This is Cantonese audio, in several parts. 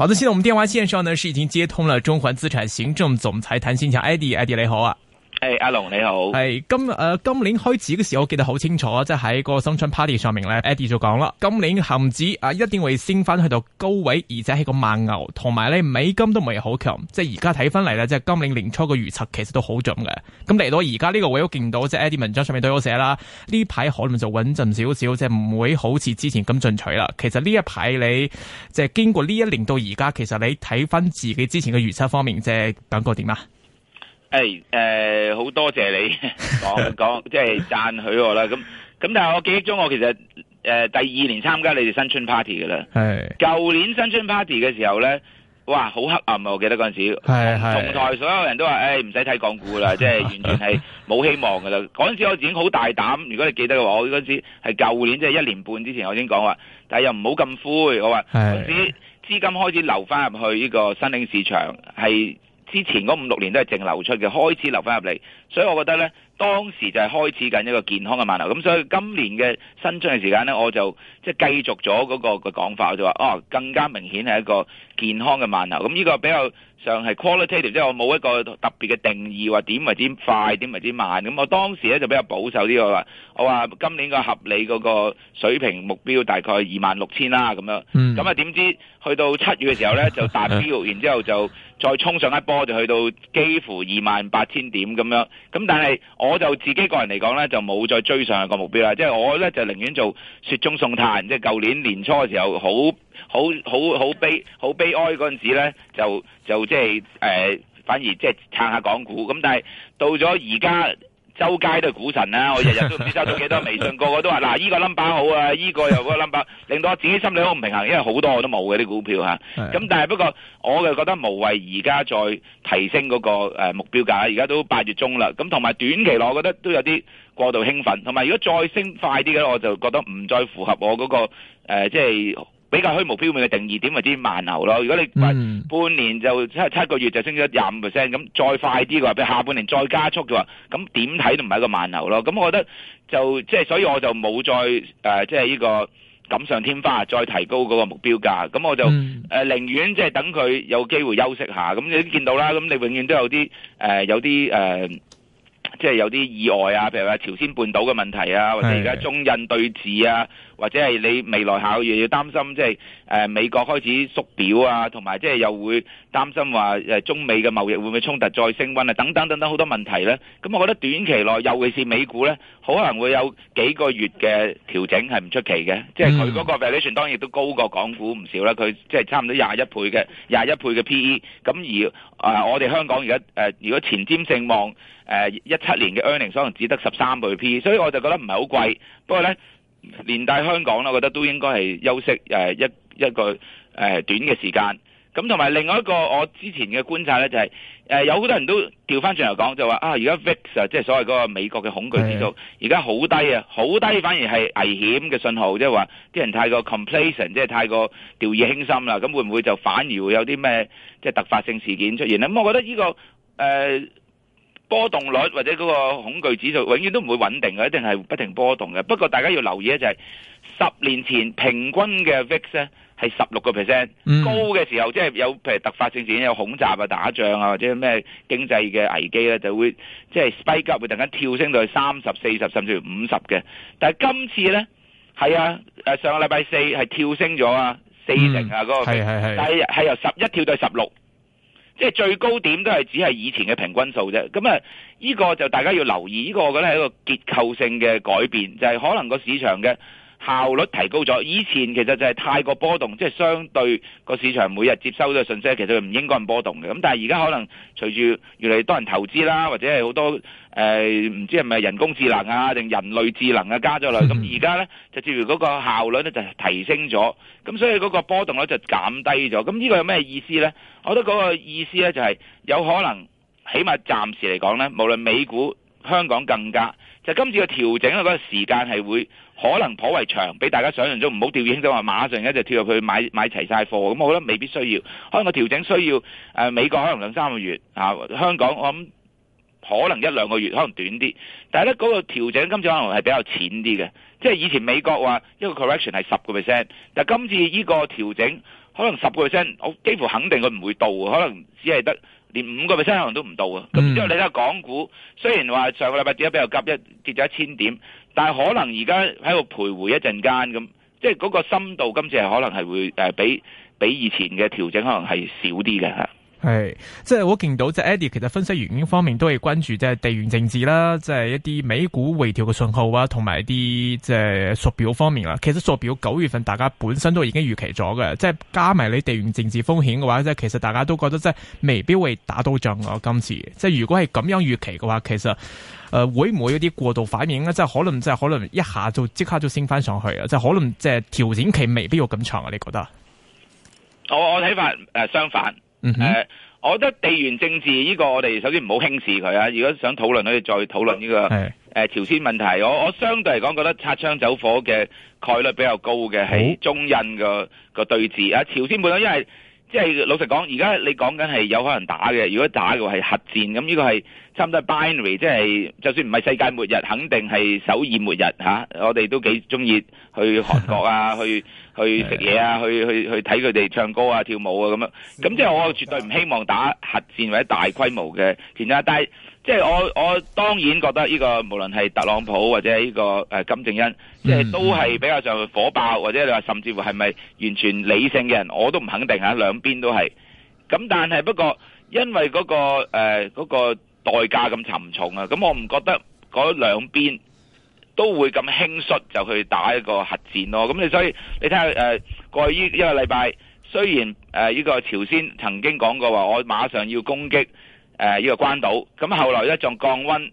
好的，現在我們電話線上呢，是已經接通了中環資產行政總裁譚新強艾迪、艾迪雷猴啊。.誒，hey，阿龍你好。係今誒，呃，今年開始嘅時候，我記得好清楚，即係喺個新春 party 上面咧，Eddie 就講啦，今年恒指啊一定會升翻去到高位，而且係個慢牛，同埋咧美金都唔係好強。即係而家睇翻嚟咧，即係今年年初嘅預測其實都好準嘅。咁嚟到而家呢個位都見到，即係 Eddie 文章上面都有寫啦。呢排可能就穩陣少少，即係唔會好似之前咁進取啦。其實呢一排你即係經過呢一年到而家，其實你睇翻自己之前嘅預測方面，即係感覺點啊？誒，誒，好多謝你講講，即係讚許我啦。咁咁，但係我記憶中，我其實誒、呃、第二年參加你哋新春 party 噶啦。係。舊年新春 party 嘅時候咧，哇，好黑暗啊！我記得嗰陣時，係係。同台所有人都話：誒，唔使睇港股啦，即係、就是、完全係冇希望噶啦。嗰 陣時我已經好大膽，如果你記得嘅話，我嗰時係舊年即係、就是、一年半之前，我已經講話，但係又唔好咁灰。我話，資資金開始流翻入去呢個新興市場係。之前嗰五六年都係淨流出嘅，開始流翻入嚟，所以我覺得咧，當時就係開始緊一個健康嘅慢流。咁所以今年嘅新春嘅時間咧，我就。即係繼續咗嗰個嘅講法，就話哦，更加明顯係一個健康嘅慢流。咁呢個比較上係 qualitative，即係我冇一個特別嘅定義，話點為之快，點為之慢。咁我當時咧就比較保守啲，個話，我話今年個合理嗰個水平目標大概二萬六千啦，咁樣，咁啊點知去到七月嘅時候咧就達標，然之後就再衝上一波，就去到幾乎二萬八千點咁樣，咁但係我就自己個人嚟講咧，就冇再追上個目標啦。即係我咧就寧願做雪中送炭。即係舊年年初嘅時候，好好好好悲好悲哀嗰陣時咧，就就即係誒，反而即係撐下港股咁，但係到咗而家。周街都係股神啦，我日日都唔知收到幾多微信，個個都話嗱，依個 number 好啊，依個又嗰個 number，令到我自己心理好唔平衡，因為好多我都冇嘅啲股票嚇。咁但係不過我就覺得無謂而家再提升嗰個誒目標價，而家都八月中啦。咁同埋短期內，我覺得都有啲過度興奮，同埋如果再升快啲嘅，我就覺得唔再符合我嗰個誒即係。比較虛無縹緲嘅定義點咪啲慢牛咯。如果你係半年就七七個月就升咗廿五 percent，咁再快啲嘅話，譬如下半年再加速嘅話，咁點睇都唔係一個慢牛咯。咁我覺得就即係，所以我就冇再誒即係呢個錦上添花，再提高嗰個目標價。咁我就誒寧願即係等佢有機會休息下。咁你都見到啦，咁你永遠都有啲誒有啲誒。即係有啲意外啊，譬如話朝鮮半島嘅問題啊，或者而家中印對峙啊，或者係你未來下個月要擔心、就是，即、呃、係美國開始縮表啊，同埋即係又會擔心話、呃、中美嘅貿易會唔會衝突再升溫啊，等等等等好多問題咧。咁我覺得短期內，尤其是美股咧，好可能會有幾個月嘅調整係唔出奇嘅、嗯。即係佢嗰個 valuation 當然亦都高過港股唔少啦，佢即係差唔多廿一倍嘅廿一倍嘅 PE。咁而誒、呃嗯、我哋香港而家誒如果前瞻性望。誒一七年嘅 earnings 可能只得十三倍 P，所以我就覺得唔係好貴。不過呢，連帶香港我覺得都應該係休息誒、呃、一一個、呃、短嘅時間。咁同埋另外一個我之前嘅觀察呢，就係、是呃、有好多人都調翻轉頭講，就話啊，而家 VIX 即係所謂嗰個美國嘅恐懼指數，而家好低啊，好低反而係危險嘅信號，即係話啲人太過 complacent，即係太過掉以輕心啦。咁會唔會就反而會有啲咩即係突發性事件出現呢？咁我覺得呢、這個誒。呃波動率或者嗰個恐懼指數永遠都唔會穩定嘅，一定係不停波動嘅。不過大家要留意咧就係、是、十年前平均嘅 VIX 咧係十六個 percent，高嘅時候即係、就是、有譬如突發性事件、有恐襲啊、打仗啊或者咩經濟嘅危機咧就會即係、就是、spike up，會突然間跳升到去三十四十甚至五十嘅。但係今次咧係啊誒上個禮拜四係跳升咗啊四成啊嗰個，係係係，係由十一跳到十六。即係最高點都係只係以前嘅平均數啫，咁啊，依個就大家要留意，依個我覺得係一個結構性嘅改變，就係可能個市場嘅。效率提高咗，以前其實就係太過波動，即係相對個市場每日接收到嘅信息，其實佢唔應該係波動嘅。咁但係而家可能隨住越嚟越多人投資啦，或者係好多誒唔、呃、知係咪人工智能啊定人類智能啊加咗落，咁而家呢，就至於嗰個效率咧就提升咗，咁所以嗰個波動咧就減低咗。咁呢個有咩意思呢？我覺得嗰個意思呢，就係有可能，起碼暫時嚟講呢，無論美股、香港更加。就是、今次嘅調整嗰、那個時間係會可能頗為長，比大家想象中唔好掉以輕心。就話話馬上一就跳入去買買齊晒貨，咁我覺得未必需要。可能個調整需要、呃、美國可能兩三個月啊，香港我諗可能一兩個月，可能短啲。但係咧嗰個調整今次可能係比較淺啲嘅，即、就、係、是、以前美國話一個 correction 係十個 percent，但係今次呢個調整可能十個 percent，我幾乎肯定佢唔會到，可能只係得。連五個 percent 可能都唔到啊！咁、嗯、之後你睇下港股，雖然話上個禮拜跌得比較急，一跌咗一千點，但係可能而家喺度徘徊一陣間咁，即係嗰個深度今次係可能係會誒、呃、比比以前嘅調整可能係少啲嘅嚇。係，即係我見到，即係 Eddie 其實分析原因方面都係關注即係地緣政治啦，即係一啲美股回調嘅信號啊，同埋啲即係縮表方面啦。其實縮表九月份大家本身都已經預期咗嘅，即係加埋你地緣政治風險嘅話，即係其實大家都覺得即係未必會打到仗啊。今次即係如果係咁樣預期嘅話，其實誒會唔會有啲過度反應咧？即係可能即係可能一下就即刻就升翻上去啊！即係可能即係調整期未必要咁長啊？你覺得？我我睇法誒相反。誒、uh-huh. 呃，我覺得地緣政治呢個我哋首先唔好輕視佢啊！如果想討論可以再討論呢、呢個誒、uh-huh. 呃、朝鮮問題。我我相對嚟講覺得擦槍走火嘅概率比較高嘅係中印嘅個對峙啊。朝鮮冇，因為即係老實講，而家你講緊係有可能打嘅。如果打嘅話係核戰，咁呢個係差唔多 binary，即係就算唔係世界末日，肯定係首爾末日吓、啊。我哋都幾中意去韓國啊， 去。去食嘢啊，去去去睇佢哋唱歌啊、跳舞啊咁樣，咁即係我絕對唔希望打核戰，或者大規模嘅戰爭。但係即係我我當然覺得呢個無論係特朗普或者呢個誒金正恩，即係都係比較上火爆，或者你話甚至乎係咪完全理性嘅人，我都唔肯定啊，兩邊都係咁，但係不過因為嗰個誒嗰個代價咁沉重啊，咁我唔覺得嗰兩邊。都會咁輕率就去打一個核戰咯。咁你所以你睇下誒，過去呢一個禮拜，雖然誒呢個朝鮮曾經講過話，我馬上要攻擊誒呢個關島，咁後來咧仲降溫，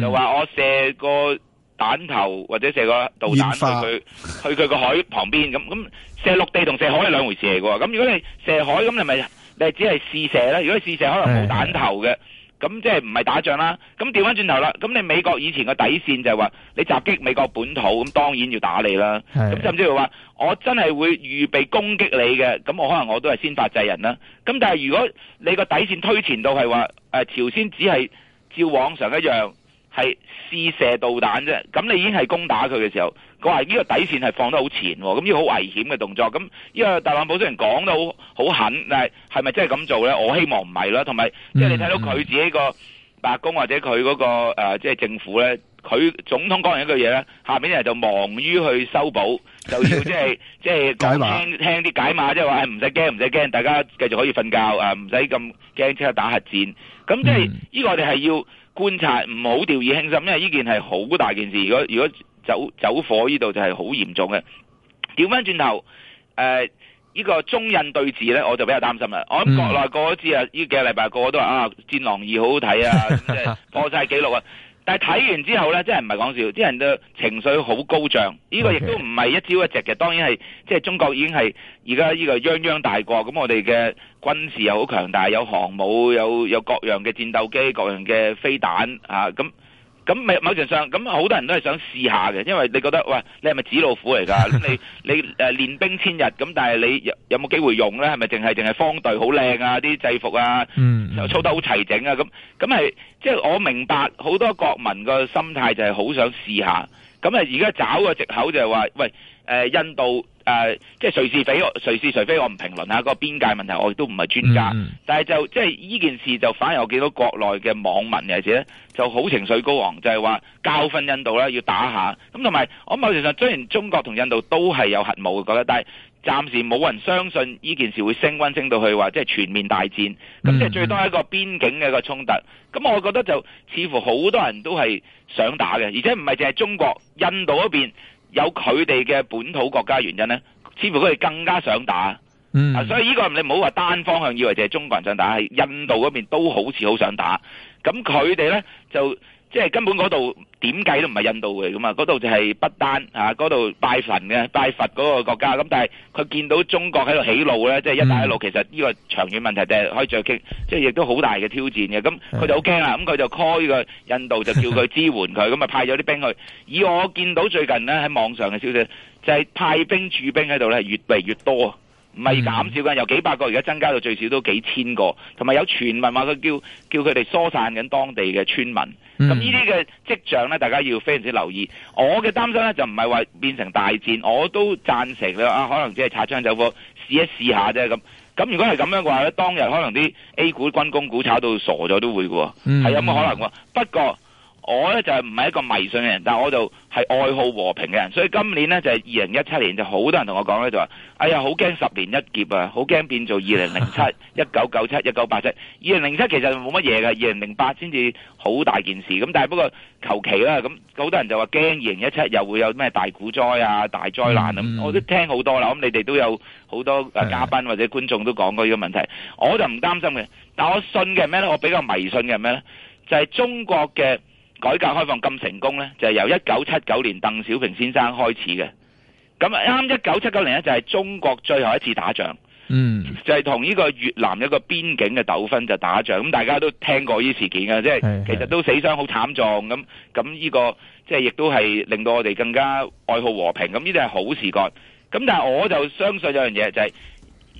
就話我射個彈頭或者射個導彈去佢去佢個海旁邊。咁咁射陸地同射海係兩回事嚟嘅喎。咁如果你射海，咁你咪你係只係試射啦。如果你試射，可能冇彈頭嘅。咁即係唔係打仗啦？咁調翻轉頭啦，咁你美國以前嘅底線就係話你襲擊美國本土，咁當然要打你啦。咁甚至乎話我真係會預備攻擊你嘅，咁我可能我都係先發制人啦。咁但係如果你個底線推前到係話誒朝鮮只係照往常一樣。係試射導彈啫，咁你已經係攻打佢嘅時候，佢話呢個底線係放得好前，咁呢個好危險嘅動作。咁呢個特朗普雖然講得好好狠，但係係咪真係咁做咧？我希望唔係啦。同埋，即係你睇到佢自己個白宮或者佢嗰、嗰個誒，即、呃、係、即係、政府咧，佢總統講完一句嘢咧，下邊啲人就忙於去修補，就要即係即係聽啲解碼，即係話唔使驚，唔使驚，大家繼續可以瞓覺，誒唔使咁驚，即係打核戰。咁即係呢個我哋係要。觀察，唔好掉以輕心，因為呢件係好大件事。如果如果走走火呢度就係好嚴重嘅。調翻轉頭，誒、呃、呢、呢個中印對峙咧，我就比較擔心啦。我諗國內過咗次後，呢、嗯、幾個禮拜過我都話啊，《戰狼二》好好睇啊， 破晒記錄啊！但係睇完之後咧，真係唔係講笑，啲人嘅情緒好高漲。呢個亦都唔係一朝一夕嘅，當然係即係中國已經係而家呢個泱泱大國。咁我哋嘅軍事又好強大，有航母，有有各樣嘅戰鬥機，各樣嘅飛彈啊咁。咁某某程度上，咁好多人都係想試下嘅，因為你覺得喂，你係咪紙老虎嚟㗎？你你誒練兵千日，咁但係你有有冇機會用呢？係咪淨係淨係方隊好靚啊？啲制服啊，嗯，又操得好齊整啊，咁咁係即係我明白好多國民個心態就係好想試下。咁啊，而家找個藉口就係話，喂誒，印度。誒、呃，即係誰是俾我，誰是誰非我唔評論下、嗰個邊界問題，我亦都唔係專家。Mm-hmm. 但係就即係呢件事，就反而我見到國內嘅網民嘅嘢就好情緒高昂，就係、是、話教訓印度啦，要打下。咁同埋我某程度上，雖然中國同印度都係有核武，嘅，覺得但係暫時冇人相信呢件事會升溫升到去話，即、就、係、是、全面大戰。咁即係最多係一個邊境嘅一個衝突。咁、mm-hmm. 嗯、我覺得就似乎好多人都係想打嘅，而且唔係淨係中國印度嗰邊有佢哋嘅本土國家原因呢，似乎佢哋更加想打，嗯，所以呢個你唔好話單方向，以為就係中國人想打，係印度嗰邊都好似好想打，咁佢哋呢就。即係根本嗰度點計都唔係印度嚟噶嘛，嗰度就係不丹啊，嗰度拜佛嘅拜佛嗰個國家。咁但係佢見到中國喺度起路咧，即、嗯、係一帶一路，其實呢個長遠問題定係可以再傾，即係亦都好大嘅挑戰嘅。咁佢就好驚啦，咁佢就 call 個印度就叫佢支援佢，咁 咪派咗啲兵去。以我見到最近咧喺網上嘅消息，就係、是、派兵駐兵喺度咧，越嚟越多。唔係減少緊，由幾百個，而家增加到最少都幾千個，同埋有傳聞話佢叫叫佢哋疏散緊當地嘅村民。咁、嗯、呢啲嘅跡象咧，大家要非常之留意。我嘅擔心咧就唔係話變成大戰，我都贊成啦。啊，可能只係擦槍走火，試一試下啫咁。咁如果係咁樣嘅話咧，當日可能啲 A 股軍工股炒到傻咗都會嘅喎，係有冇可能喎？不過。我咧就係唔係一個迷信嘅人，但係我就係愛好和平嘅人，所以今年呢，就係二零一七年，就好多人同我講咧就話，哎呀，好驚十年一劫啊，好驚變做二零零七、一九九七、一九八七、二零零七其實冇乜嘢噶，二零零八先至好大件事，咁但係不過求其啦，咁好多人就話驚二零一七又會有咩大股災啊、大災難咁、啊，我都聽好多啦，咁你哋都有好多誒嘉賓或者觀眾都講過呢個問題，我就唔擔心嘅，但我信嘅係咩咧？我比較迷信嘅係咩咧？就係、是、中國嘅。改革開放咁成功呢，就係由一九七九年鄧小平先生開始嘅。咁啱一九七九年呢，就係中國最後一次打仗。嗯，就係同呢個越南一個邊境嘅糾紛就打仗。咁大家都聽過呢啲事件嘅，即係其實都死傷好慘重。咁咁呢個即係亦都係令到我哋更加愛好和平。咁呢啲係好事幹。咁但係我就相信有樣嘢就係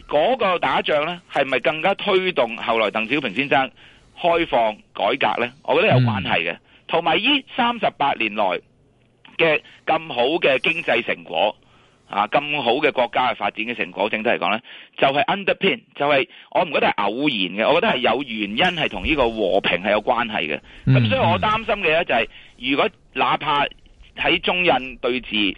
嗰個打仗呢，係咪更加推動後來鄧小平先生開放改革呢？我覺得有關係嘅。嗯同埋呢三十八年來嘅咁好嘅經濟成果，啊咁好嘅國家嘅發展嘅成果，整體嚟講呢，就係、是、underpin，就係、是、我唔覺得係偶然嘅，我覺得係有原因係同呢個和平係有關係嘅。咁所以我擔心嘅呢，就係、是，如果哪怕喺中印對峙，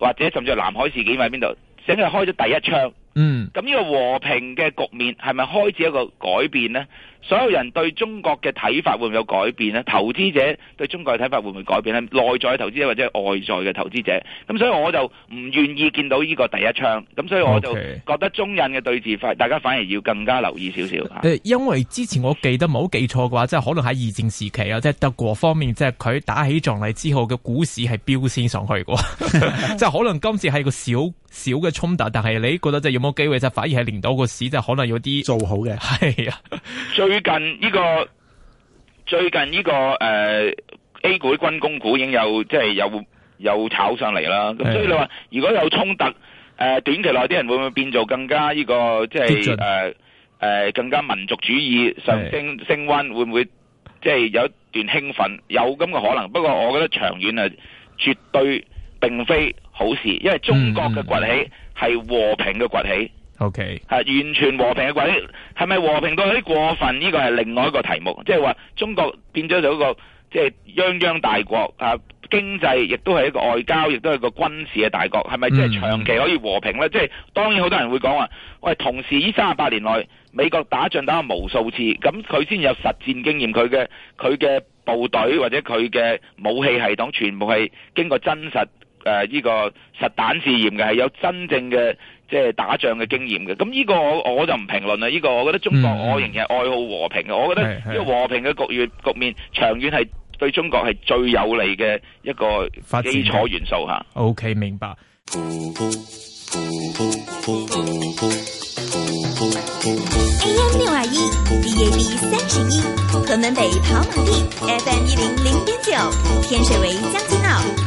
或者甚至南海事件喺邊度，總係開咗第一槍，嗯，咁呢個和平嘅局面係咪開始一個改變呢？所有人對中國嘅睇法會唔會有改變咧？投資者對中國嘅睇法會唔會有改變咧？內在投資者或者係外在嘅投資者，咁所以我就唔願意見到呢個第一槍，咁所以我就覺得中印嘅對峙法，okay. 大家反而要更加留意少少。因為之前我記得，冇記錯嘅話，即係可能喺二戰時期啊，即係德國方面，即係佢打起仗嚟之後嘅股市係飆升上去嘅，即 係 可能今次係個小小嘅衝突，但係你覺得即係有冇機會即係反而係令到個市，就可能有啲做好嘅係啊。 最近呢個最近呢個誒 A 股啲軍工股已經有即係有有炒上嚟啦，咁所以你話如果有衝突，誒短期內啲人會唔會變做更加呢個即係誒誒更加民族主義上升升溫，會唔會即係有一段興奮？有咁嘅可能，不過我覺得長遠啊絕對並非好事，因為中國嘅崛起係和平嘅崛起。O K，係完全和平嘅關係，係咪和平到有啲過分？呢個係另外一個題目，即係話中國變咗做一個即係泱泱大國，啊，經濟亦都係一個外交，亦都係一個軍事嘅大國，係咪即係長期可以和平咧？即、mm-hmm. 係當然好多人會講話，喂，同時呢三十八年內，美國打仗打咗無數次，咁佢先有實戰經驗，佢嘅佢嘅部隊或者佢嘅武器系統，全部係經過真實誒呢個實彈試驗嘅，係有真正嘅。即係打仗嘅經驗嘅，咁呢個我我就唔評論啦。呢個我覺得中國我仍然係愛好和平嘅，我覺得呢個和平嘅局面局面長遠係對中國係最有利嘅一個基礎元素嚇。OK，明白。AM 六二一，B A B 三十一，屯門北跑馬地，FM 一零零點九，天水圍。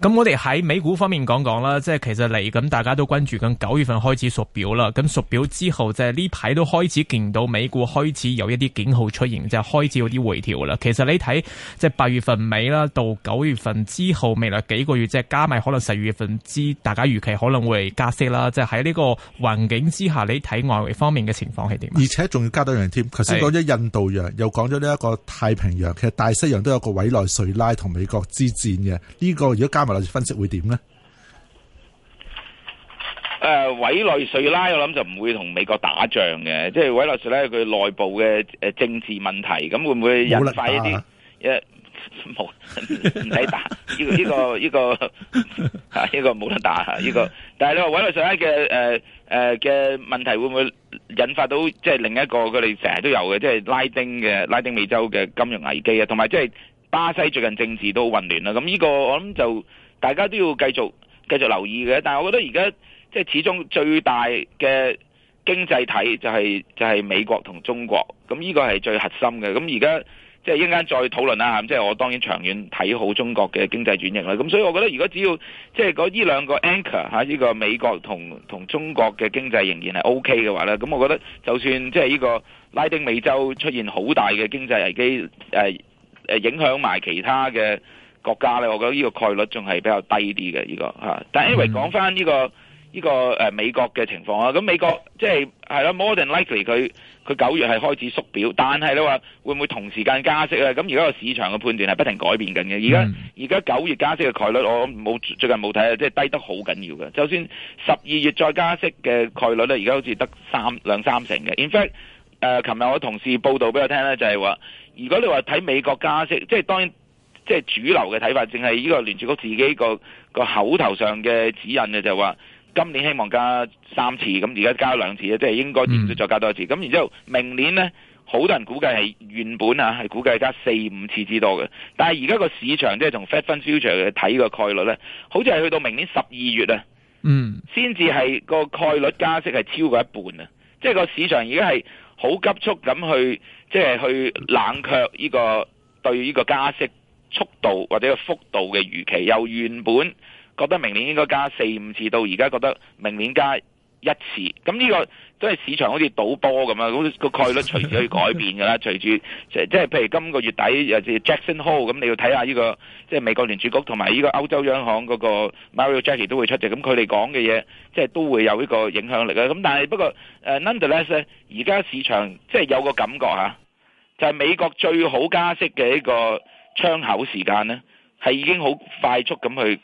咁我哋喺美股方面講講啦，即係其實嚟緊大家都關注緊九月份開始縮表啦。咁縮表之後，即係呢排都開始見到美股開始有一啲警號出現，即係開始有啲回調啦。其實你睇，即係八月份尾啦，到九月份之後，未來幾個月即係加埋可能十二月份之，大家預期可能會加息啦。即係喺呢個環境之下，你睇外圍方面嘅情況係點？而且仲要加多樣添，頭先講咗印度洋，又講咗呢一個太平洋，其實大西洋都有個委內瑞拉同美國之戰嘅。呢、呢個如果加分析會點呢？誒、呃，委內瑞拉我諗就唔會同美國打仗嘅，即係委內瑞拉佢內部嘅誒、呃、政治問題，咁會唔會引發一啲、啊？一冇唔使打呢、 這個呢、這個呢、這個呢、 啊這個冇得打呢、這個。但係你話委內瑞拉嘅誒誒嘅問題會唔會引發到即係另一個佢哋成日都有嘅，即係拉丁嘅拉丁美洲嘅金融危機啊，同埋即係巴西最近政治都好混亂啦、啊。咁呢個我諗就。大家都要繼續繼續留意嘅，但係我覺得而家即係始終最大嘅經濟體就係就係美國同中國，咁呢個係最核心嘅。咁而家即係一陣間再討論啦，即係我當然長遠睇好中國嘅經濟轉型啦。咁所以我覺得如果只要即係嗰呢兩個 anchor 吓，呢個美國同同中國嘅經濟仍然係 OK 嘅話咧，咁我覺得就算即係呢個拉丁美洲出現好大嘅經濟危機，啊、影響埋其他嘅國家咧，我覺得呢個概率仲係比較低啲嘅，呢、啊 anyway, mm. 這個但係因為講返呢個呢個、呃、美國嘅情況啊，咁美國即係係啦，More than likely 佢佢九月係開始縮表，但係你話會唔會同時間加息呢？咁而家個市場嘅判斷係不停改變緊嘅。而家而家九月加息嘅概率，我冇最近冇睇啊，即係低得好緊要嘅。就算十二月再加息嘅概率咧，而家好似得三兩三成嘅。In fact，誒、呃，琴日我同事報導畀我聽咧，就係、是、話，如果你話睇美國加息，即係當然。即係主流嘅睇法，淨係呢個聯儲局自己個個口頭上嘅指引嘅就話，今年希望加三次，咁而家加兩次啊，即係應該點都再加多一次。咁、嗯、然之後，明年咧，好多人估計係原本啊，係估計加四五次之多嘅。但係而家個市場即係同 Fed Fund Future 睇個概率咧，好似係去到明年十二月啊，嗯，先至係個概率加息係超過一半啊。即係個市場而家係好急速咁去，即係去冷卻呢、呢個對呢個加息，速度或者個幅度嘅預期，由原本覺得明年應該加四五次，到而家覺得明年加一次，咁呢個都係市場好似賭波咁樣，好似個概率隨住去改變㗎啦，隨住即係譬如今個月底又 Jackson Hole，咁你要睇下呢個即係美國聯儲局同埋呢個歐洲央行嗰個 Mario Draghi 都會出席，咁佢哋講嘅嘢即係都會有呢個影響力啦。咁但係不過誒 nonetheless 而家市場即係有個感覺嚇、啊，就係美國最好加息嘅一個。窗口時間咧，係已經好快速咁去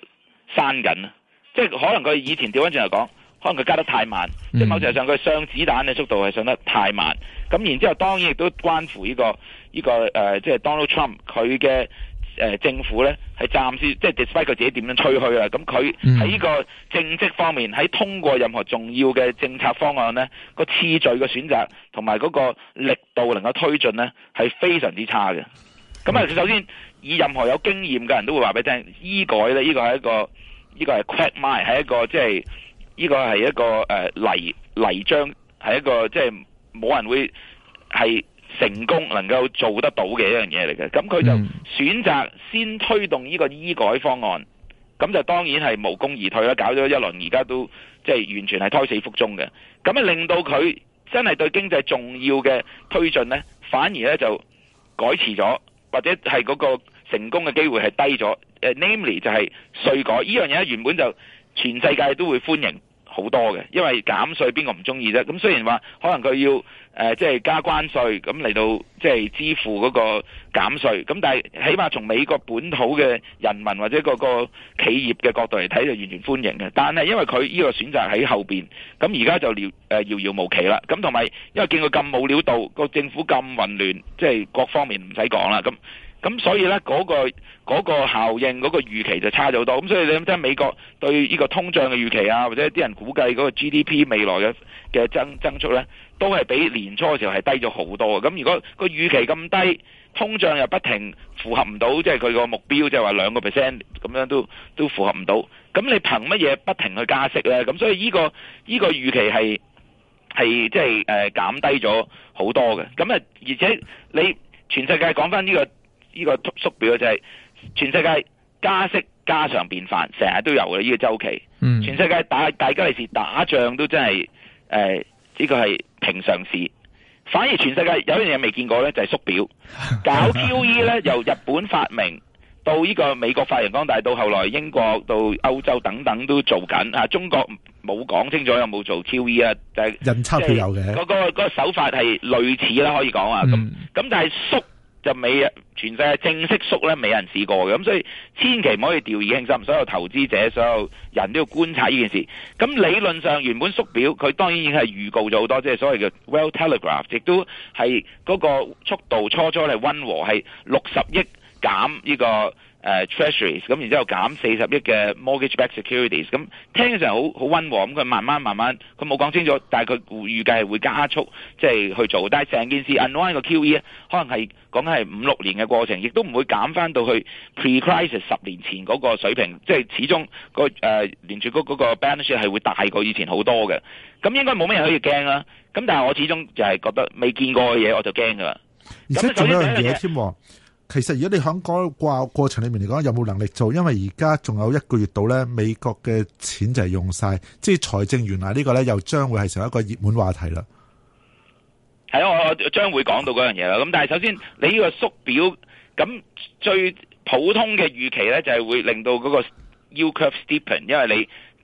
刪緊啦。即係可能佢以前調翻轉嚟講，可能佢加得太慢，嗯、即係某程度上佢上子彈嘅速度係上得太慢。咁然之後，當然亦都關乎、這個這個呃就是 Trump，呃、呢個呢個誒，即係 Donald Trump 佢嘅誒政府咧，係暫時即係 despite 佢自己點樣吹噓啊。咁佢喺呢個政績方面，喺通過任何重要嘅政策方案咧，個次序嘅選擇同埋嗰個力度能夠推進咧，係非常之差嘅。咁啊！首先，以任何有經驗嘅人都會話俾你聽醫改咧，呢個係一個，呢個係 quicksand，係一個即係呢個係一個誒泥泥漿係一個即係冇人會係成功能夠做得到嘅一樣嘢嚟嘅。咁佢就選擇先推動呢個醫改方案，咁就當然係無功而退啦。搞咗一輪，而家都即係完全係胎死腹中嘅。咁啊，令到佢真係對經濟重要嘅推進咧，反而咧就改遲咗。或者係個成功嘅機會係低咗，誒 namely 就係稅改呢樣嘢咧，原本就全世界都會歡迎。好多嘅，因為減稅邊個唔中意啫？咁雖然話可能佢要誒，即係加關稅，咁嚟到即係支付嗰個減稅，咁但係起碼從美國本土嘅人民或者嗰個企業嘅角度嚟睇，就完全歡迎嘅。但係因為佢呢個選擇喺後邊，咁而家就遙誒遙遙無期啦。咁同埋因為見佢咁冇料到，個政府咁混亂，即係各方面唔使講啦咁。咁所以呢，嗰個嗰個效應嗰個預期就差咗好多。咁所以你諗下美國對呢個通脹嘅預期啊，或者啲人估計嗰個 GDP 未來嘅嘅增增速呢，都係比年初嘅時候係低咗好多。咁如果個預期咁低，通脹又不停符合唔到，即係佢個目標，即係話兩個 percent 咁樣都都符合唔到。咁你憑乜嘢不停去加息呢？咁所以呢個呢個預期係係即係誒減低咗好多嘅。咁啊，而且你全世界講翻呢個。依個縮縮表就係全世界加息家常便飯，成日都有嘅呢個週期。全世界大吉利是打仗都真係誒，呢個係平常事。反而全世界有樣嘢未見過咧，就係縮表搞 QE 咧，由日本發明到呢個美國發揚光大，到後來英國到歐洲等等都做緊。啊，中國冇講清楚有冇做 QE 啊？但係隱測佢有嘅。個個個手法係類似啦，可以講啊。咁咁但係縮，就未全世界正式縮咧，冇人試過嘅，咁所以千祈唔可以掉以輕心。所有投資者、所有人都要觀察呢件事。咁理論上原本縮表，佢當然已經係預告咗好多，即係所謂嘅 well telegraph，亦都係嗰個速度初初係溫和，係六十億減呢個。誒、uh, treasuries 咁，然之後減四十億嘅 mortgage backed securities，聽嘅時候好好溫和，咁佢慢慢慢慢，佢冇講清楚，但係佢預計係會加速即係、就是、去做，但係成件事 unwind 個 QE 可能係講緊係五六年嘅過程，亦都唔會減翻到去 pre crisis 十年前嗰個水平，即係始終、呃、個誒聯儲局嗰個 balance 係會大過以前好多嘅，咁應該冇咩人可以驚啦。咁但係我始終就係覺得未見過嘅嘢我就驚噶啦，而且仲有樣嘢其實如果你響嗰個過程裏面嚟講，有冇能力做？因為而家仲有一個月度咧，美國嘅錢就係用晒，即係財政懸崖呢個咧，又將會係成一個熱門話題啦。係啊，我將會講到嗰樣嘢啦。咁但係首先你呢個縮表咁最普通嘅預期咧，就係會令到嗰個 yield curve steepen，因為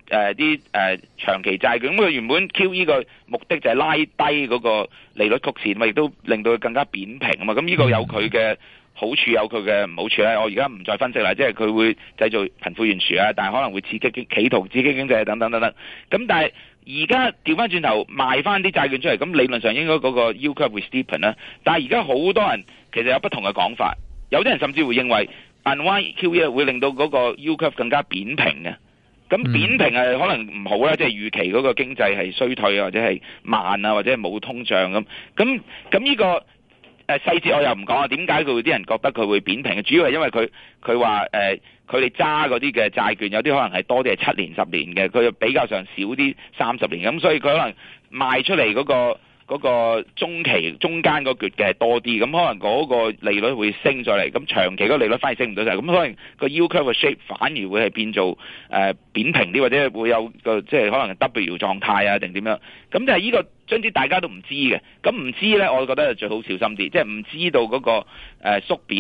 你誒啲誒長期債券，咁佢原本 Q E 嘅目的就係拉低嗰個利率曲線，咪亦都令到佢更加扁平啊嘛。咁呢個有佢嘅。嗯好處有佢嘅唔好處咧，我而家唔再分析啦，即係佢會製造貧富懸殊呀，但係可能會刺激企圖刺激經濟等等等等。咁但係而家調返轉頭賣返啲債券出嚟，咁理論上應該嗰個 yield curve 會 steepen 啦。但係而家好多人其實有不同嘅講法，有啲人甚至會認為 un Y Q E 會令到嗰個 yield curve 更加扁平嘅。咁扁平係可能唔好啦，即係預期嗰個經濟係衰退呀，或者係慢呀，或者係冇通脹咁。咁咁呢個。細節我又唔講啊，點解佢會啲人覺得佢會扁平嘅？主要係因為佢佢話誒，佢哋揸嗰啲嘅債券，有啲可能係多啲係七年、十年嘅，佢比較上少啲三十年咁，所以佢可能賣出嚟嗰個。嗰個中期中間嗰月嘅多啲，咁可能嗰個利率會升上嚟，咁長期嗰個利率反而升唔到上，咁可能個 U curve 嘅 shape 反而會係變做誒、呃、扁平啲，或者會有個即係可能 W 狀態啊，定點樣？咁就係呢個，總之大家都唔知嘅。咁唔知呢，我覺得就最好小心啲，即係唔知道嗰個誒、呃、縮表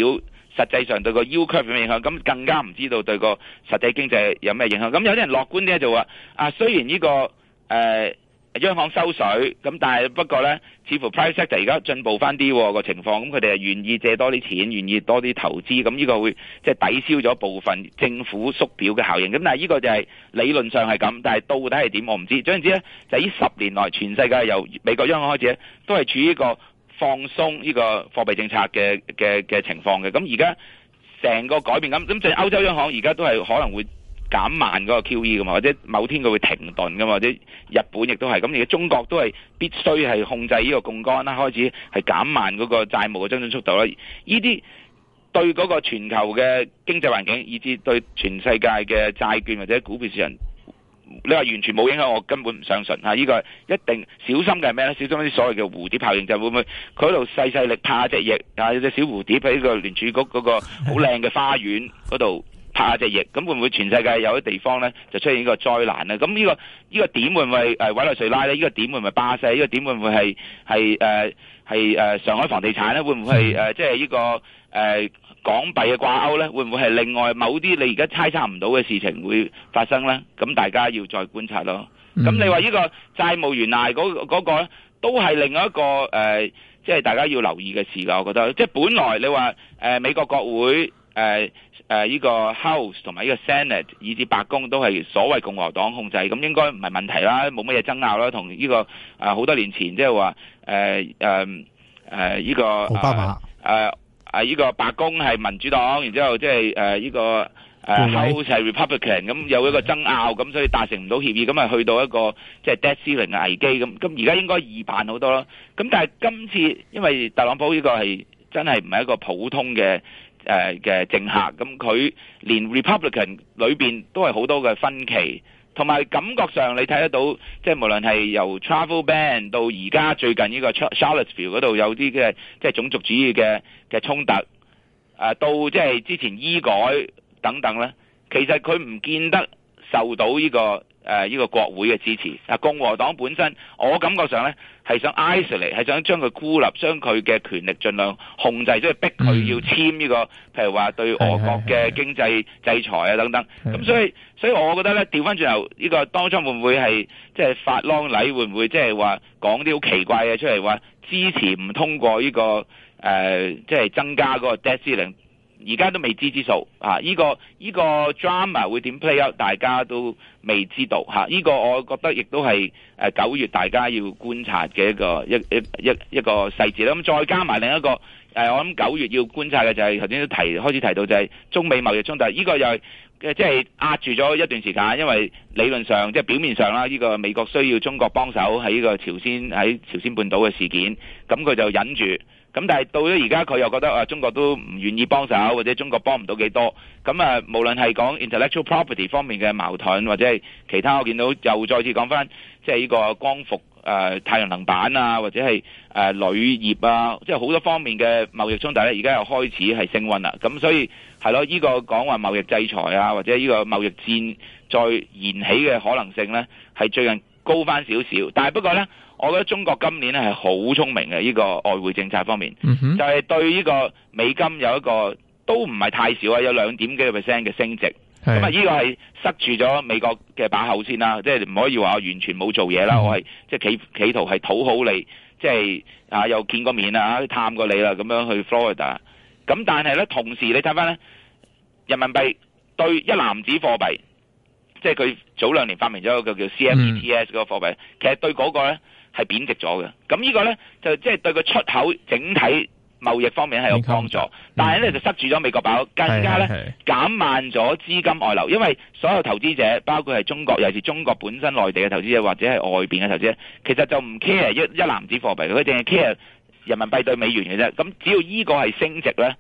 實際上對個 U curve 有咩影響，咁更加唔知道對個實際經濟有咩影響。咁有啲人樂觀啲就話：，啊，雖然呢個、呃央行收水，咁但係不過呢，似乎 price t 就而家進步翻啲、哦那個情況，咁佢哋係願意借多啲錢，願意多啲投資，咁呢個會即係、就是、抵消咗部分政府縮表嘅效應。咁但係呢個就係理論上係咁，但係到底係點我唔知。總言之呢，就呢、是、十年內全世界由美國央行開始呢，都係處於個放鬆呢個貨幣政策嘅嘅嘅情況嘅。咁而家成個改變咁，咁甚至歐洲央行而家都係可能會。減慢嗰個 QE 噶嘛，或者某天佢會停頓噶嘛，或者日本亦都係咁，而家中國都係必須係控制呢個槓桿啦，開始係減慢嗰個債務嘅增長速度啦。呢啲對嗰個全球嘅經濟環境，以至對全世界嘅債券或者股票市場，你話完全冇影響，我根本唔相信吓。呢、呢個一定小心嘅係咩咧？小心啲所謂嘅蝴蝶效應，就係、係、會唔會佢喺度細細力拍隻翼啊？有隻小蝴蝶喺個聯儲局嗰個好靚嘅花園度。拍下隻翼，咁會唔會全世界有啲地方咧就出現呢個災難咧？咁呢、呢個呢、呢個點會唔會誒委內瑞拉咧？呢、呢個點會唔會巴西？呢、呢個點會唔會係係誒係上海房地產咧？會唔會係即係呢個誒、呃、港幣嘅掛鈎咧？會唔會係另外某啲你而家猜測唔到嘅事情會發生咧？咁大家要再觀察咯。咁、嗯、你話呢個債務懸崖嗰嗰個、嗰個、呢都係另外一個誒，即、呃、係、即係、大家要留意嘅事㗎。我覺得即係、即係、本來你話、呃、美國國會誒。呃誒、啊、呢、這個 House 同埋呢個 Senate 以至白宮都係所謂共和黨控制，咁、嗯、應該唔係問題啦，冇乜嘢爭拗啦。同呢、這個誒好、啊、多年前即係話誒誒誒呢個誒誒呢個白宮係民主黨，然之後即係誒呢個 House 係 Republican，咁、嗯、有一個爭拗，咁所以達成唔到協議，咁、嗯、咪去到一個即係 debt ceiling 嘅危機咁。咁而家應該易辦好多咯。咁、嗯、但係今次因為特朗普呢個係真係唔係一個普通嘅。誒嘅政客，咁佢連 Republican 裏面都係好多嘅分歧，同埋感覺上你睇得到，即係無論係由 Travel Ban 到而家最近呢個 Charlottesville 嗰度有啲嘅即係種族主義嘅嘅衝突，啊到即係之前醫改等等咧，其實佢唔見得受到呢個。誒、呃、呢、這個國會嘅支持啊，共和黨本身我感覺上咧係想 isolate，係想將佢孤立，將佢嘅權力盡量控制，即、就、係、是、逼佢要簽呢、這個，譬如話對俄國嘅經濟制裁啊等等。咁所以所以，所以我覺得咧調翻轉頭，呢、這個當中會唔會係即係法郎禮，會唔會即係話講啲好奇怪嘅出嚟，話支持唔通過呢、這個誒，即、呃、係、就是、增加嗰個 debt ceiling 而家都未知之數，啊！呢個呢個 drama 會點 play out 大家都未知道嚇。呢個我覺得亦都係誒九月大家要觀察嘅一個一一一一,一個細節啦。咁再加埋另一個我諗九月要觀察嘅就係頭先都提開始提到就係中美貿易衝突，呢個又係即係壓住咗一段時間，因為理論上即係表面上啦，呢個美國需要中國幫手喺呢個朝鮮喺朝鮮半島嘅事件，咁佢就忍住。咁但係到咗而家，佢又覺得啊，中國都唔願意幫手，或者中國幫唔到幾多。咁啊，無論係講 intellectual property 方面嘅矛盾，或者係其他，我見到又再次講翻，即係呢個光伏、呃、太陽能板啊，或者係誒、呃、鋁業啊，即係好多方面嘅貿易衝突咧，而家又開始係升溫啦。咁所以係咯，呢個講話貿易制裁啊，或者呢個貿易戰再燃起嘅可能性咧，係最近高翻少少。但係不過咧。我覺得中國今年咧係好聰明嘅呢、這個外匯政策方面，嗯、就係、是、對呢個美金有一個都唔係太少啊，有兩點幾個 percent 嘅升值。咁啊，呢、這個係塞住咗美國嘅把口先啦，即係唔可以話我完全冇做嘢啦、嗯，我係即係企企圖係討好你，即係啊又見過面啊，探過你啦，咁樣去 Florida。咁但係咧，同時你睇翻咧，人民幣對一籃子貨幣，即係佢早兩年發明咗一個叫 CMETS 嗰個貨幣、嗯，其實對嗰個咧。係貶值咗嘅，咁呢個呢，就即係對個出口整體貿易方面係有幫助，嗯、但係呢，就塞住咗美國把口，更加呢，是是是減慢咗資金外流，因為所有投資者，包括係中國，尤其是中國本身內地嘅投資者，或者係外邊嘅投資者，其實就唔 care 一一籃子貨幣，佢淨係 care 人民幣對美元嘅啫。咁只要呢個係升值呢，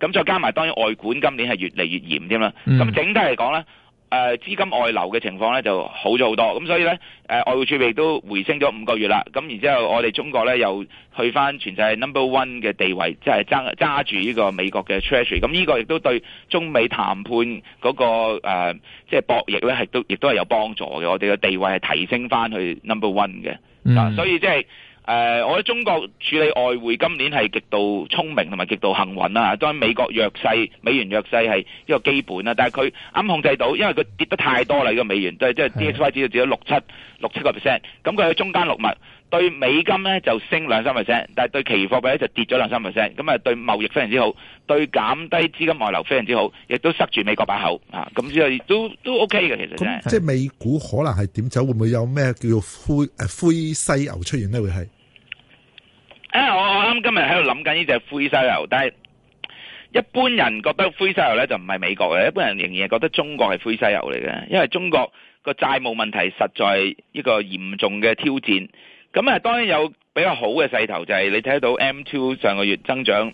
咁再加埋當然外管今年係越嚟越嚴添啦。咁整體嚟講呢。嗯誒資金外流嘅情況咧就好咗好多，咁所以咧誒外匯儲備都回升咗五個月啦。咁然之後，我哋中國咧又去翻全世界 number one 嘅地位，即係揸住呢個美國嘅 treasury。咁呢個亦都對中美談判嗰個、呃、即係博弈咧係都亦都係有幫助嘅。我哋嘅地位係提升翻去 number one 嘅，嗱、嗯啊，所以即係。誒、uh，我喺中國處理外匯，今年係極度聰明同埋極度幸運啦吓，當然美國弱勢，美元弱勢係一個基本啦、啊。但係佢啱控制到，因為佢跌得太多啦，呢、這個美元即係即係 DXY 指數跌咗六七六七個 percent，咁佢喺中間落物。對美金咧就升兩三 percent，但係對期貨幣咧就跌咗兩三 percent。咁啊，對貿易非常之好，對減低資金外流非常之好，亦都塞住美國把口啊。咁之後都都 OK 嘅，其實真、就是嗯。即係美股可能係點走？會唔會有咩叫做灰誒灰犀牛出現呢？會、哎、係我我啱今日喺度諗緊呢隻灰犀牛，但係一般人覺得灰犀牛咧就唔係美國嘅，一般人仍然係覺得中國係灰犀牛嚟嘅，因為中國個債務問題實在一個嚴重嘅挑戰。咁啊，當然有比較好嘅勢頭，就係你睇到 M2 上個月增長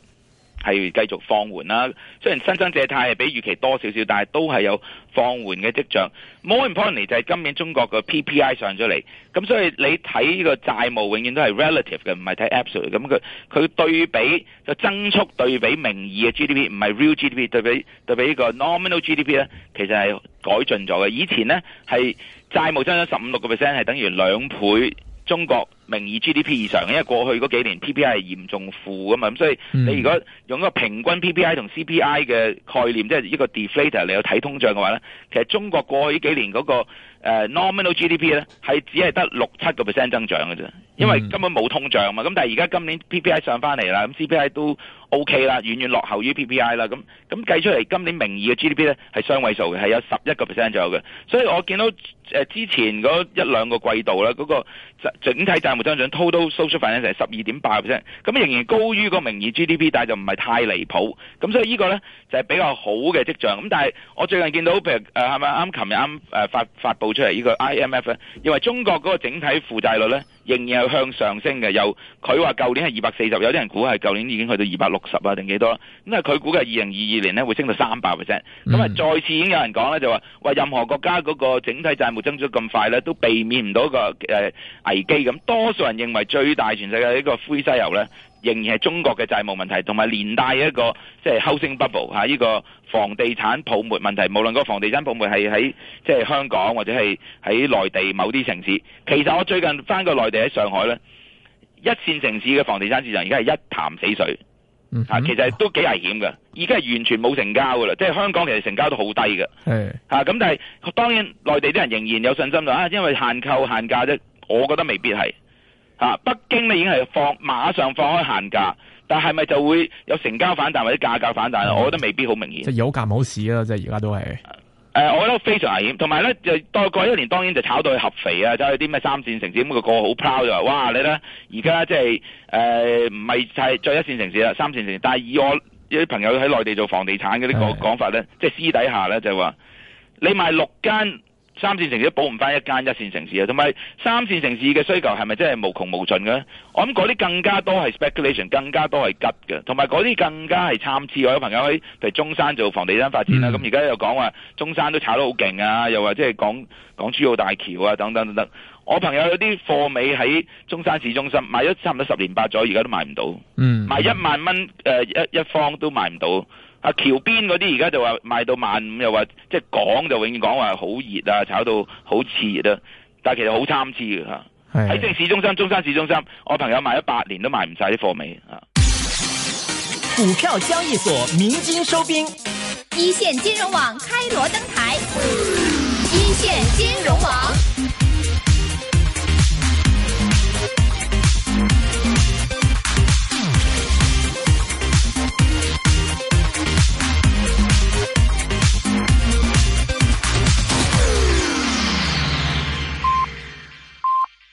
係繼續放緩啦。雖然新增借貸係比預期多少少，但係都係有放緩嘅跡象。More importantly，就係今年中國嘅 PPI 上咗嚟，咁所以你睇呢個債務永遠都係 relative 嘅，唔係睇 absolute。咁佢佢對比個增速對比名義嘅 GDP，唔係 real GDP 對比對比呢個 nominal GDP 咧，其實係改進咗嘅。以前呢係債務增長十五六個 percent，係等於兩倍。中國名義 GDP 以上，因為過去嗰幾年 PPI 係嚴重負嘅嘛，咁所以你如果用一個平均 PPI 同 CPI 嘅概念，即係一個 deflator 你有睇通脹嘅話咧，其實中國過去呢幾年嗰個、呃、nominal GDP 咧係只係得六七個 percent 增長嘅啫，因為根本冇通脹啊嘛。咁但係而家今年 PPI 上翻嚟啦，咁 CPI 都 OK 啦，遠遠落後於 PPI 啦。咁咁計出嚟今年名義嘅 GDP 咧係雙位數嘅，係有十一個 percent 左右嘅。所以我見到。誒，之前嗰一兩個季度咧，嗰、那個整體債務增長 total social finance 就係十二點八 percent，咁仍然高於個名義 GDP，但係就唔係太離譜，咁所以個呢個咧就係、是、比較好嘅跡象。咁但係我最近見到譬如係咪啱？琴日啱發發佈出嚟呢個 IMF 認為中國嗰個整體負債率咧，仍然係向上升嘅，又佢話舊年係二百四十，有啲人估係舊年已經去到二百六十啊，定幾多？咁啊，佢估嘅係二零二二年咧會升到三百 percent。咁啊，再次已經有人講咧，就話喂，任何國家嗰個整體債務增長咁快咧，都避免唔到個、呃、危機咁。多數人認為最大全世界呢個灰犀牛咧。仍然係中國嘅債務問題，同埋連帶一個即係 housing bubble 嚇、啊呢個房地產泡沫問題。無論個房地產泡沫係喺即係香港或者係喺內地某啲城市，其實我最近翻過內地喺上海呢，一線城市嘅房地產市場而家係一潭死水，啊、其實都幾危險嘅。而家係完全冇成交㗎啦，即係香港其實成交都好低㗎。係嚇咁，但係當然內地啲人仍然有信心㗎。啊，因為限購限價啫，我覺得未必係。啊！北京咧已經係放馬上放開限價，但係咪就會有成交反彈或者價格反彈？嗯、我覺得未必好明顯。即係有價冇市啦，即係而家都係。誒、呃，我覺得非常危險。同埋咧，就再過一年，當然就炒到去合肥啊，走去啲咩三線城市咁個個好拋就話：哇！你咧而家即係誒唔係再、就是呃、不是一線城市啦，三線城市。但係以我有啲朋友喺內地做房地產嗰啲講講法咧，嗯，即係私底下咧就話你賣六間。三線城市都保唔翻一間一線城市啊，同埋三線城市嘅需求係咪真係無窮無盡嘅？我諗嗰啲更加多係 speculation，更加多係急嘅，同埋嗰啲更加係參差。我有朋友喺譬如中山做房地產發展啦，咁而家又講話中山都炒得好勁啊，又話即係講講港珠澳大橋啊等等等等。我朋友有啲貨尾喺中山市中心買咗差唔多十年八咗，而家都賣唔到，賣一萬蚊一一方都賣唔到。啊！橋邊嗰啲而家就話賣到萬五，又話即係講就永遠講話好熱啊，炒到好熾熱啦。但係其實好參差嘅吓。喺正市中心，中山市中心，我朋友賣咗八年都賣唔晒啲貨尾啊。股票交易所鳴金收兵，一線金融網開鑼登台，一線金融網。